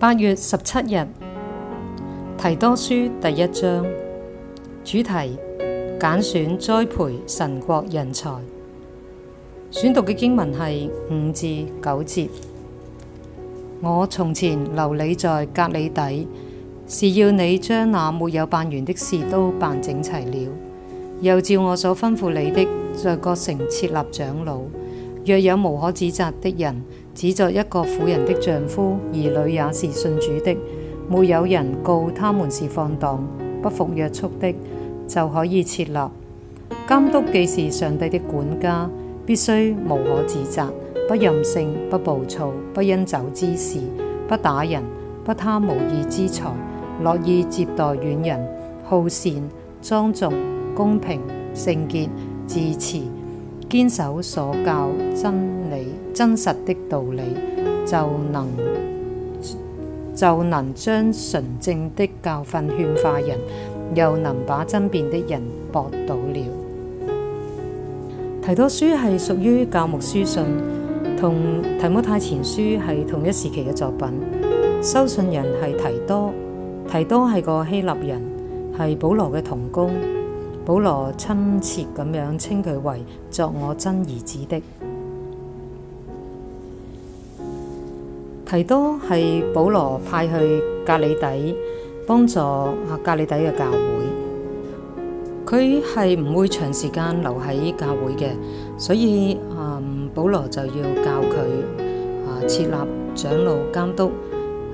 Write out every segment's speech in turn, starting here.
八月十七日，提多書第一章，主題：揀選栽培神國人才。選讀嘅經文係五至九節。我從前留你在革哩底，是要你將那沒有辦完的事都辦整齊了，又照我所吩咐你的，在各城設立長老。若有無可指責的人，只作一個婦人的丈夫，兒女也是信主的，沒有人告他們是放蕩、不服約束的，就可以設立監督。既是上帝的管家，必須無可自責，不任性，不暴躁，不因酒滋事，不打人，不貪無義之財，樂意接待遠人，好善、莊重、公平、聖潔、自持，堅守所教真。真實的道理，就能就能將純正的教訓勸化人，又能把爭辯的人駁倒了。提多書係屬於教牧書信，同提摩太前書係同一時期嘅作品。收信人係提多，提多係個希臘人，係保羅嘅同工，保羅親切咁樣稱佢為作我真兒子的。提多係保羅派去格里底幫助啊格里底嘅教會，佢係唔會長時間留喺教會嘅，所以啊，保羅就要教佢啊設立長老監督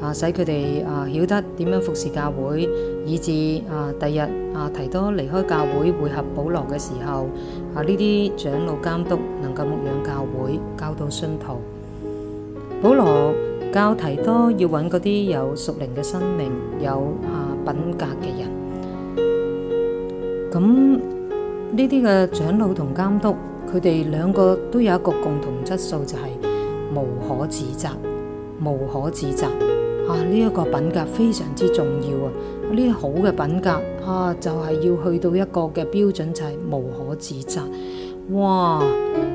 啊，使佢哋啊曉得點樣服侍教會，以至啊第日啊提多離開教會會合保羅嘅時候啊，呢啲長老監督能夠牧養教會，教導信徒，保羅教提多要揾嗰啲有屬靈嘅生命，有啊品格嘅人。咁呢啲嘅長老同監督，佢哋兩個都有一個共同質素，就係無可指責，無可指責啊！呢一個品格非常之重要啊！呢啲好嘅品格啊，就係要去到一個嘅標準，就係無可指責。哇！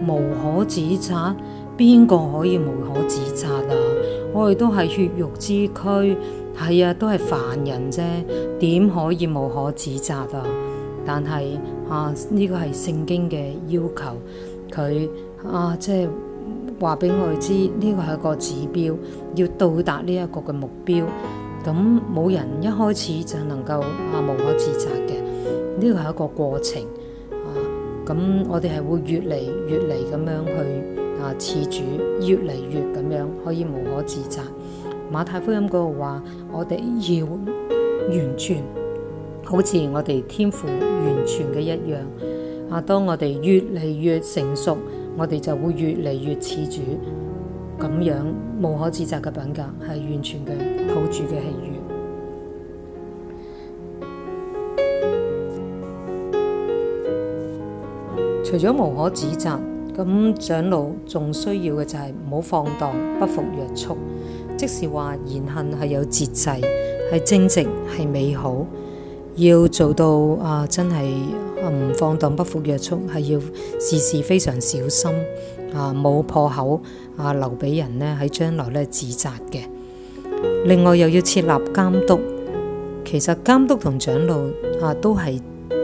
無可指責，邊個可以無可指責啊？我哋都係血肉之軀，係啊，都係凡人啫，點可以無可指責啊？但係啊，呢個係聖經嘅要求，佢啊，即係話俾我哋知，呢個係一個指標，要到達呢一個嘅目標，咁冇人一開始就能夠啊無可指責嘅，呢個係一個過程啊，咁我哋係會越嚟越嚟咁樣去。啊！似主越嚟越咁樣，可以無可指責。馬太福音嗰度話，我哋要完全，好似我哋天父完全嘅一樣。啊！當我哋越嚟越成熟，我哋就會越嚟越似主咁樣，無可指責嘅品格，係完全嘅得主嘅喜悅。除咗無可指責。咁長老仲需要嘅就係唔好放蕩，不服約束，即使話言行係有節制，係正直，係美好。要做到啊，真係唔放蕩，不服約束，係要事事非常小心啊，冇破口啊，留俾人呢喺將來呢自責嘅。另外又要設立監督，其實監督同長老啊都係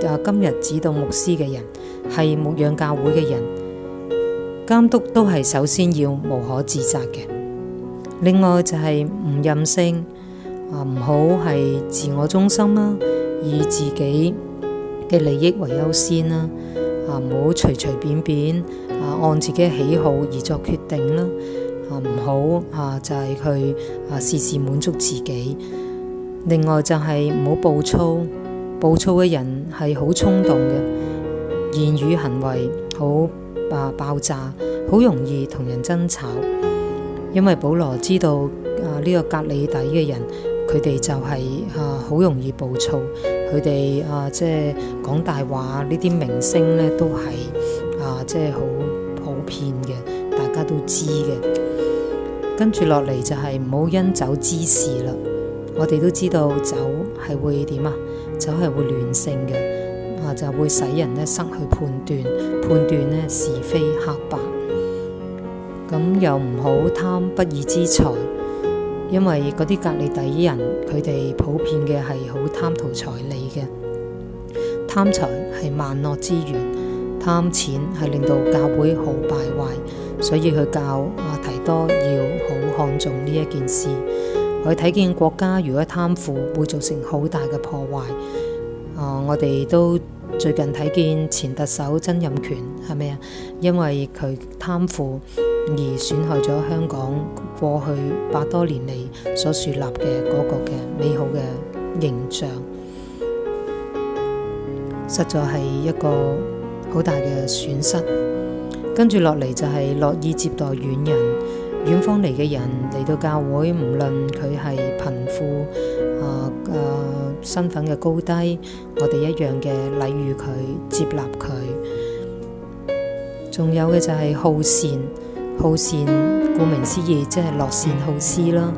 啊今日指導牧師嘅人，係牧養教會嘅人。監督都係首先要無可指責嘅，另外就係唔任性，啊唔好係自我中心啦，以自己嘅利益為優先啦，啊唔好隨隨便便啊按自己喜好而作決定啦，啊唔好啊就係去啊事事滿足自己。另外就係唔好暴躁，暴躁嘅人係好衝動嘅，言語行為好。啊！暴躁好容易同人爭吵，因為保羅知道啊呢、這個革哩底嘅人，佢哋就係、是、啊好容易暴躁，佢哋啊即係講大話，呢啲明星咧都係啊即係好普遍嘅，大家都知嘅。跟住落嚟就係唔好因酒滋事啦。我哋都知道酒係會點啊？酒係會亂性嘅。啊、就會使人呢失去判斷，判斷呢是非黑白，咁、嗯、又唔好貪不義之財，因為嗰啲隔離底人，佢哋普遍嘅係好貪圖財利嘅，貪財係萬惡之源，貪錢係令到教會好敗壞，所以佢教阿提多要好看重呢一件事，佢睇見國家如果貪腐會造成好大嘅破壞。哦、呃，我哋都最近睇見前特首曾蔭權係咪啊？因為佢貪腐而損害咗香港過去百多年嚟所樹立嘅嗰個嘅美好嘅形象，實在係一個好大嘅損失。跟住落嚟就係樂意接待遠人，遠方嚟嘅人嚟到教會，唔論佢係貧富啊啊，呃呃身份嘅高低，我哋一樣嘅禮遇佢，接納佢。仲有嘅就係好善好善，顧名思義即係樂善好施啦，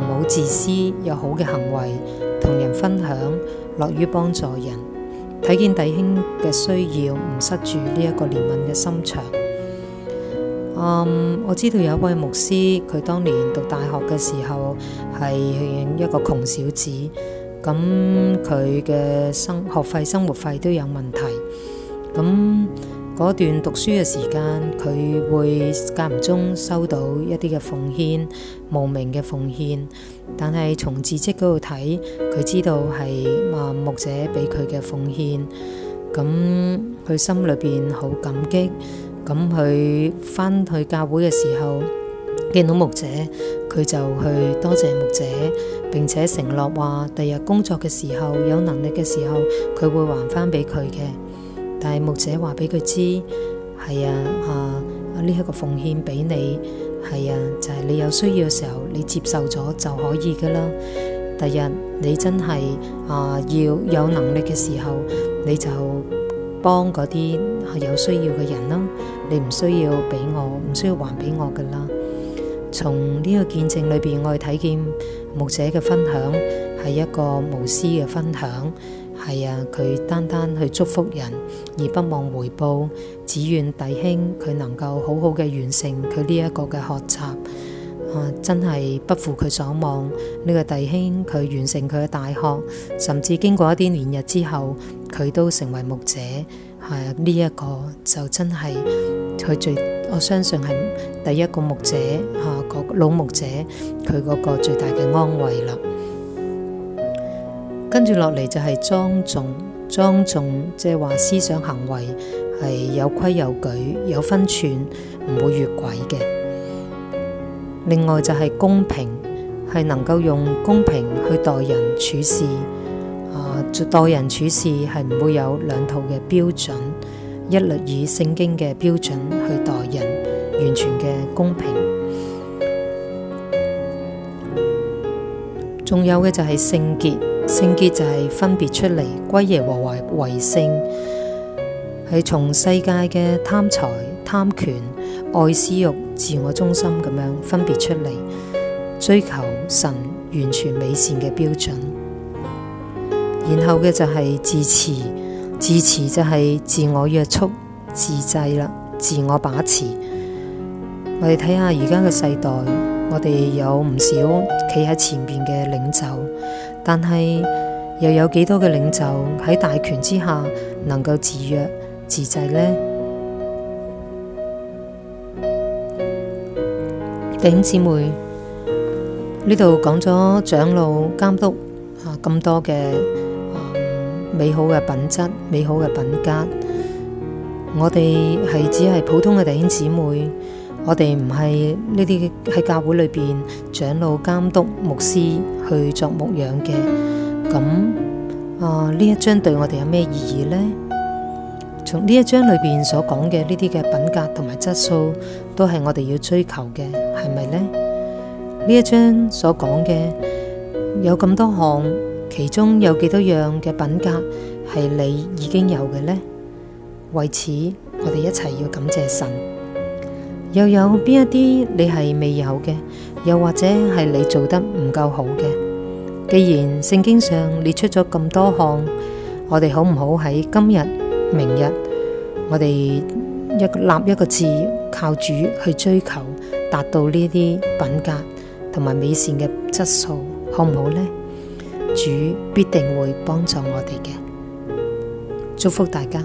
唔好自私，有好嘅行為同人分享，樂於幫助人，睇見弟兄嘅需要，唔失住呢一個憐憫嘅心腸。嗯，我知道有一位牧師，佢當年讀大學嘅時候係一個窮小子。咁佢嘅學費、生活費都有問題。咁嗰段讀書嘅時間，佢會間唔中收到一啲嘅奉獻，無名嘅奉獻。但係從字跡嗰度睇，佢知道係盲目者畀佢嘅奉獻。咁佢心裏邊好感激。咁佢返去教會嘅時候。見到牧者，佢就去多謝牧者，並且承諾話，第日工作嘅時候，有能力嘅時候，佢會還返俾佢嘅。但係牧者話俾佢知，係啊啊呢一、這個奉獻俾你，係啊，就係、是、你有需要嘅時候，你接受咗就可以噶啦。第日你真係啊要有能力嘅時候，你就幫嗰啲有需要嘅人啦。你唔需要俾我，唔需要還俾我噶啦。從呢個見證裏邊，我去睇見牧者嘅分享係一個無私嘅分享，係啊，佢單單去祝福人，而不忘回報，只願弟兄佢能夠好好嘅完成佢呢一個嘅學習。啊，真係不負佢所望。呢個弟兄佢完成佢嘅大學，甚至經過一啲年日之後，佢都成為牧者。係啊，呢一個就真係佢最。我相信係第一個牧者，吓、啊、個老牧者，佢嗰個最大嘅安慰啦。跟住落嚟就係莊重，莊重，即係話思想行為係有規有矩，有分寸，唔會越軌嘅。另外就係公平，係能夠用公平去待人處事，啊，待人處事係唔會有兩套嘅標準。一律以聖經嘅標準去待人，完全嘅公平。仲有嘅就係聖潔，聖潔就係分別出嚟，歸耶和華為聖，係從世界嘅貪財、貪權、愛私欲、自我中心咁樣分別出嚟，追求神完全美善嘅標準。然後嘅就係自持。自持就係自我約束、自制啦，自我把持。我哋睇下而家嘅世代，我哋有唔少企喺前面嘅領袖，但係又有幾多嘅領袖喺大權之下能夠自約、自制呢？弟兄姊妹，呢度講咗長老監督啊，咁多嘅，美好嘅品質，美好嘅品格，我哋係只係普通嘅弟兄姊妹，我哋唔係呢啲喺教會裏邊長老監督牧師去作牧養嘅，咁啊呢一章對我哋有咩意義呢？從呢一章裏面所講嘅呢啲嘅品格同埋質素，都係我哋要追求嘅，係咪咧？呢一章所講嘅有咁多項。其中有幾多樣嘅品格係你已經有嘅呢？為此，我哋一齊要感謝神。又有邊一啲你係未有嘅，又或者係你做得唔夠好嘅？既然聖經上列出咗咁多項，我哋好唔好喺今日、明日，我哋一立一個志，靠主去追求達到呢啲品格同埋美善嘅質素，好唔好呢？主必定會幫助我哋嘅，祝福大家。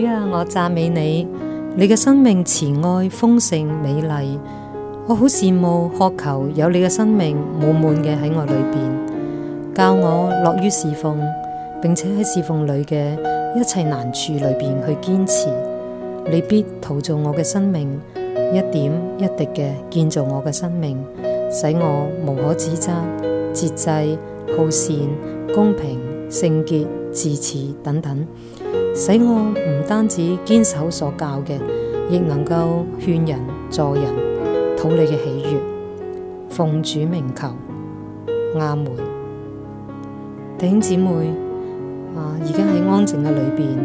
主啊，我讚美你，你嘅生命慈愛豐盛美麗，我好羨慕渴求有你嘅生命滿滿嘅喺我裏面，教我樂於侍奉，並且喺侍奉裏嘅一切難處裏面去堅持。你必陶造我嘅生命，一點一滴嘅建造我嘅生命，使我無可指責、節制、好善、公平、聖潔、自詞等等，使我唔單止堅守所教嘅，亦能夠勸人助人，討你嘅喜悅。奉主名求，阿門。弟兄姊妹啊，而家喺安靜嘅裏邊，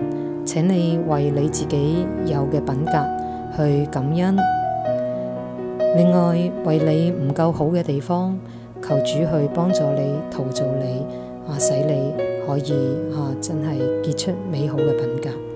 請你為你自己有嘅品格去感恩。另外，為你唔夠好嘅地方，求主去幫助你，陶造你。啊！使你可以啊，真係結出美好嘅品格。